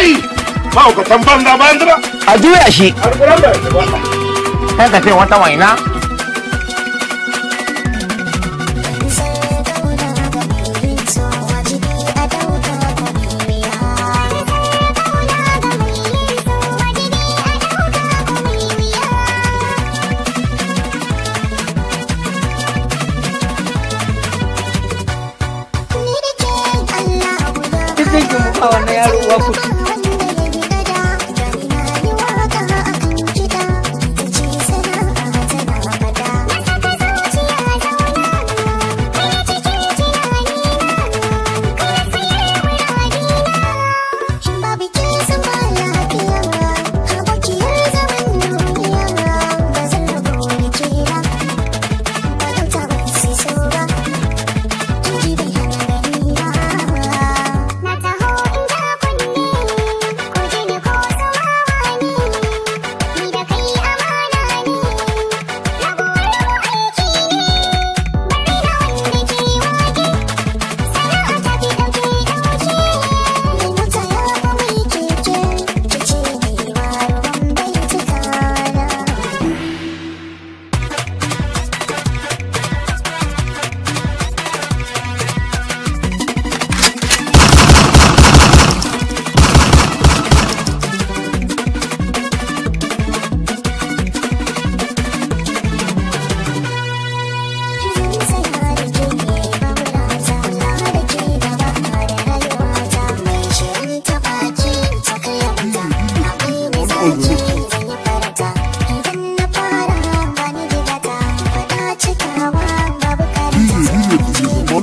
kai mahaukatan banza banza ba a juya shi kan ka ce wata waina zai mu k a w a n n a y a r uwa kuci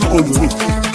all the way.